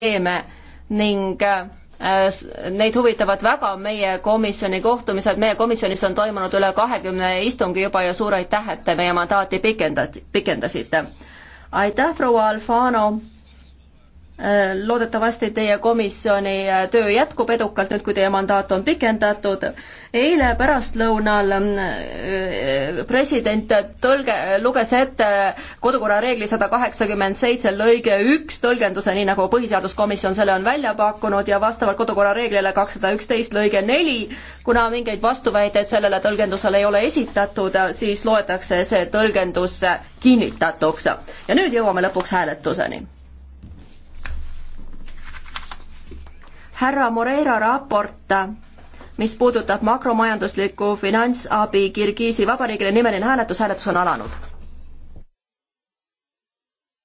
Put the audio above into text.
probleeme ning äh, neid huvitavad väga meie komisjoni kohtumised, meie komisjonis on toimunud üle kahekümne istungi juba ja suur aitäh, et te meie mandaati pikendad, pikendasite. aitäh, proua Alfano! Äh, loodetavasti teie komisjoni äh, töö jätkub edukalt, nüüd kui teie mandaat on pikendatud. eile pärastlõunal äh, president tõlge, luges ette kodukorra reegli sada kaheksakümmend seitse lõige üks tõlgenduse, nii nagu põhiseaduskomisjon selle on välja pakkunud ja vastavalt kodukorra reeglile kakssada üksteist lõige neli, kuna mingeid vastuväiteid sellele tõlgendusele ei ole esitatud, siis loetakse see tõlgendus kinnitatuks. ja nüüd jõuame lõpuks hääletuseni härra Moreira raport, mis puudutab makromajanduslikku finantsabi Kirgiisi Vabariigile, nimeline hääletus, hääletus on alanud